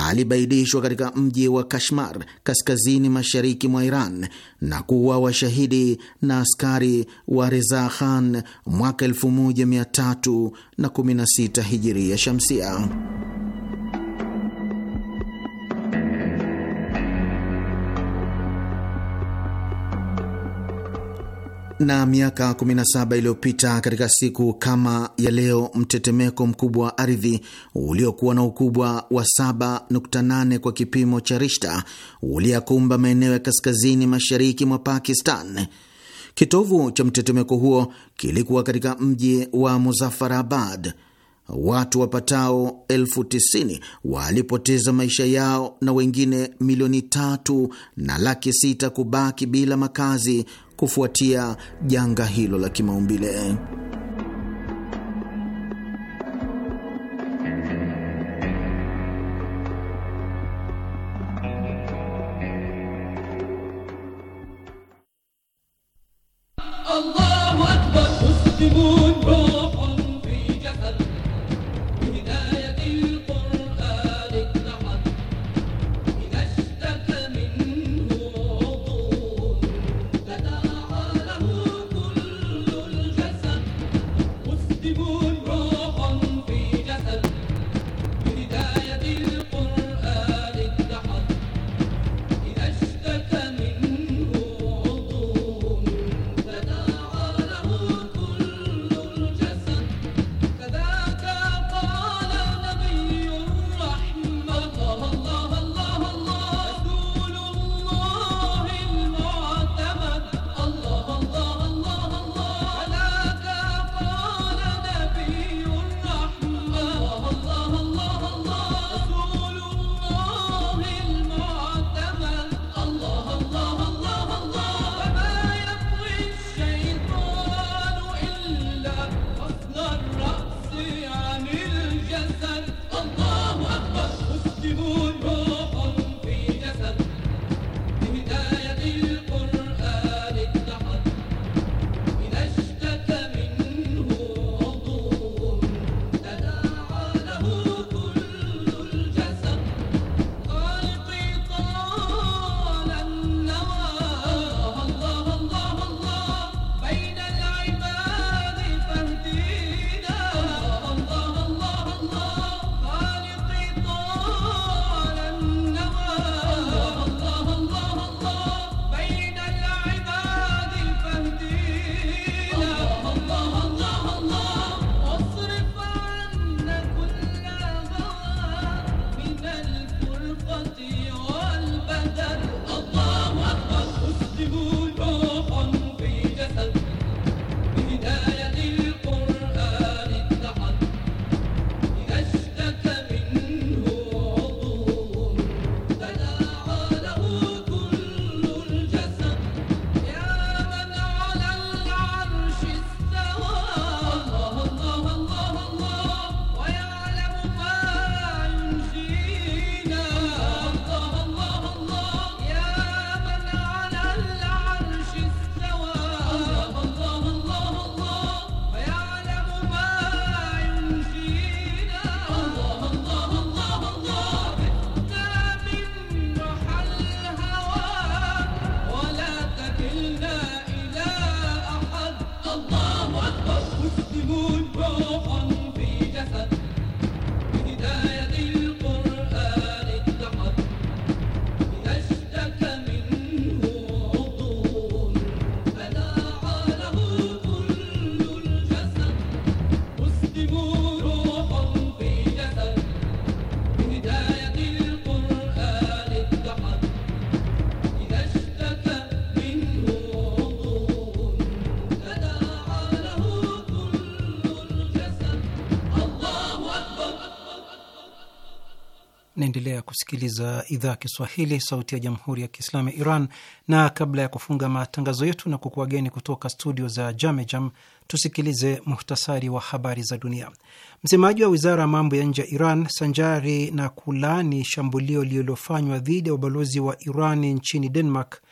alibaidishwa katika mji wa Kashmar kaskazini mashariki mwa Iran na kuwa washahidi na askari wa Reza Khan mwaka 1316 hijiria shamsia. na miaka 17 iliyopita katika siku kama ya leo, mtetemeko mkubwa wa ardhi uliokuwa na ukubwa wa 7.8 kwa kipimo cha Rishta uliyakumba maeneo ya kaskazini mashariki mwa Pakistan. Kitovu cha mtetemeko huo kilikuwa katika mji wa Muzaffarabad watu wapatao elfu tisini walipoteza maisha yao na wengine milioni tatu na laki sita kubaki bila makazi kufuatia janga hilo la kimaumbile. ya kusikiliza idhaa ya Kiswahili, sauti ya jamhuri ya kiislamu ya Iran. Na kabla ya kufunga matangazo yetu na kukuageni kutoka studio za Jamejam, tusikilize muhtasari wa habari za dunia. Msemaji wa wizara ya mambo ya nje ya Iran, sanjari na kulaani shambulio lililofanywa dhidi ya ubalozi wa Iran nchini Denmark,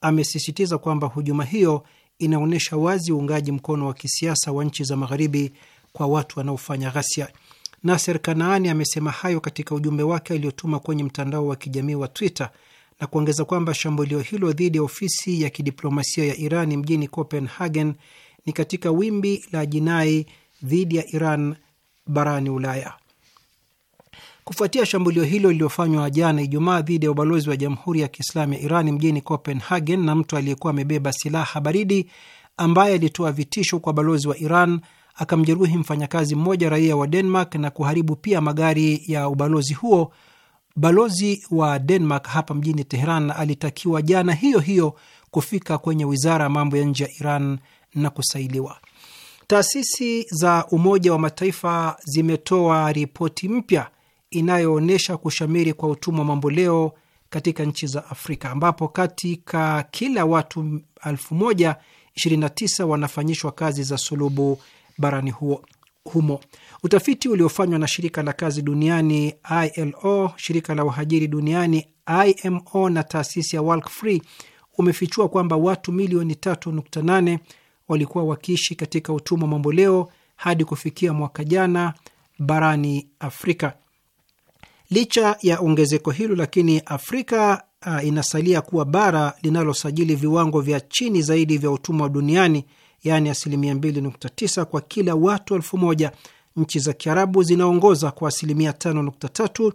amesisitiza kwamba hujuma hiyo inaonyesha wazi uungaji mkono wa kisiasa wa nchi za magharibi kwa watu wanaofanya ghasia. Naser Kanaani amesema hayo katika ujumbe wake aliotuma kwenye mtandao wa kijamii wa Twitter na kuongeza kwamba shambulio hilo dhidi ya ofisi ya kidiplomasia ya Iran mjini Copenhagen ni katika wimbi la jinai dhidi ya Iran barani Ulaya. Kufuatia shambulio hilo lililofanywa jana Ijumaa dhidi ya ubalozi wa Jamhuri ya Kiislamu ya Iran mjini Copenhagen na mtu aliyekuwa amebeba silaha baridi ambaye alitoa vitisho kwa balozi wa Iran akamjeruhi mfanyakazi mmoja raia wa Denmark na kuharibu pia magari ya ubalozi huo. Balozi wa Denmark hapa mjini Teheran alitakiwa jana hiyo hiyo kufika kwenye wizara ya mambo ya nje ya Iran na kusailiwa. Taasisi za Umoja wa Mataifa zimetoa ripoti mpya inayoonyesha kushamiri kwa utumwa mamboleo katika nchi za Afrika ambapo katika kila watu elfu moja 29 wanafanyishwa kazi za sulubu barani huo humo. Utafiti uliofanywa na shirika la kazi duniani ILO, shirika la wahajiri duniani IMO na taasisi ya Walk Free umefichua kwamba watu milioni 3.8 walikuwa wakiishi katika utumwa mamboleo hadi kufikia mwaka jana barani Afrika. Licha ya ongezeko hilo, lakini Afrika uh, inasalia kuwa bara linalosajili viwango vya chini zaidi vya utumwa duniani yaani asilimia 2.9 kwa kila watu elfu moja. Nchi za Kiarabu zinaongoza kwa asilimia 5.3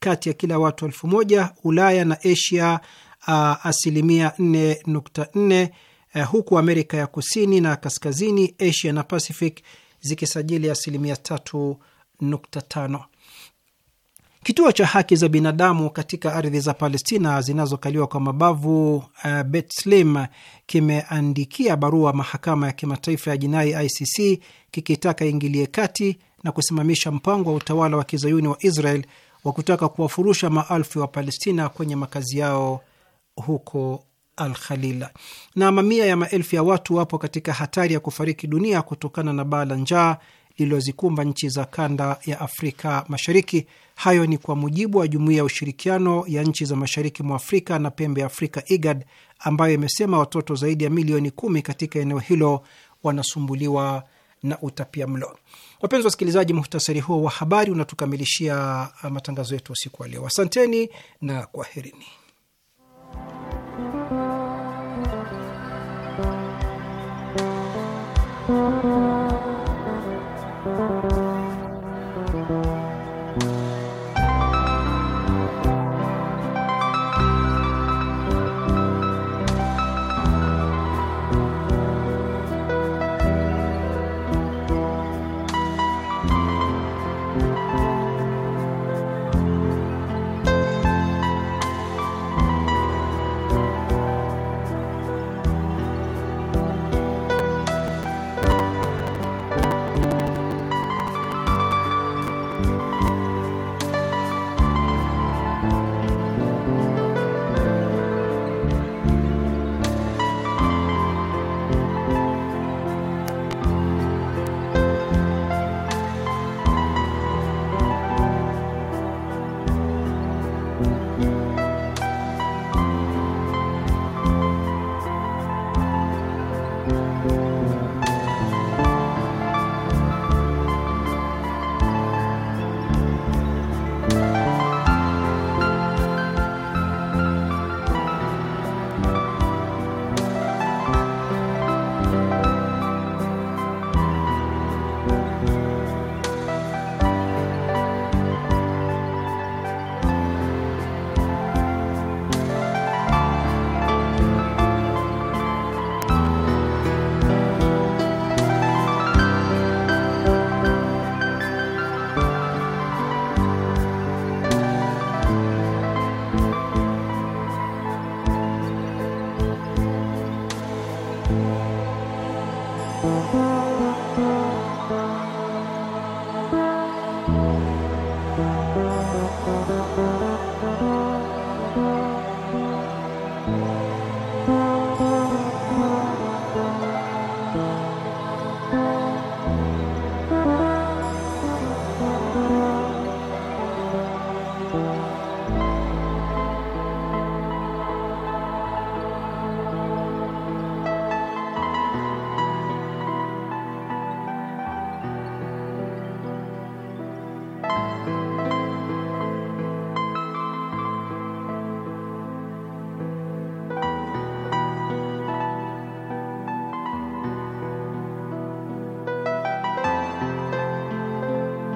kati ya kila watu elfu moja. Ulaya na Asia uh, asilimia 4.4 uh, huku Amerika ya kusini na kaskazini, Asia na Pacific zikisajili asilimia 3.5. Kituo cha haki za binadamu katika ardhi za Palestina zinazokaliwa kwa mabavu uh, eh, Betslem kimeandikia barua mahakama ya kimataifa ya jinai ICC kikitaka ingilie kati na kusimamisha mpango wa utawala wa kizayuni wa Israel wa kutaka kuwafurusha maelfu ya Wapalestina kwenye makazi yao huko Alkhalila. Na mamia ya maelfu ya watu wapo katika hatari ya kufariki dunia kutokana na baa la njaa lililozikumba nchi za kanda ya Afrika Mashariki. Hayo ni kwa mujibu wa Jumuiya ya Ushirikiano ya Nchi za Mashariki mwa Afrika na Pembe ya Afrika, IGAD, ambayo imesema watoto zaidi ya milioni kumi katika eneo hilo wanasumbuliwa na utapia mlo. Wapenzi wa wasikilizaji, muhtasari huo wa habari unatukamilishia uh, matangazo yetu usiku wa leo. Asanteni na kwaherini.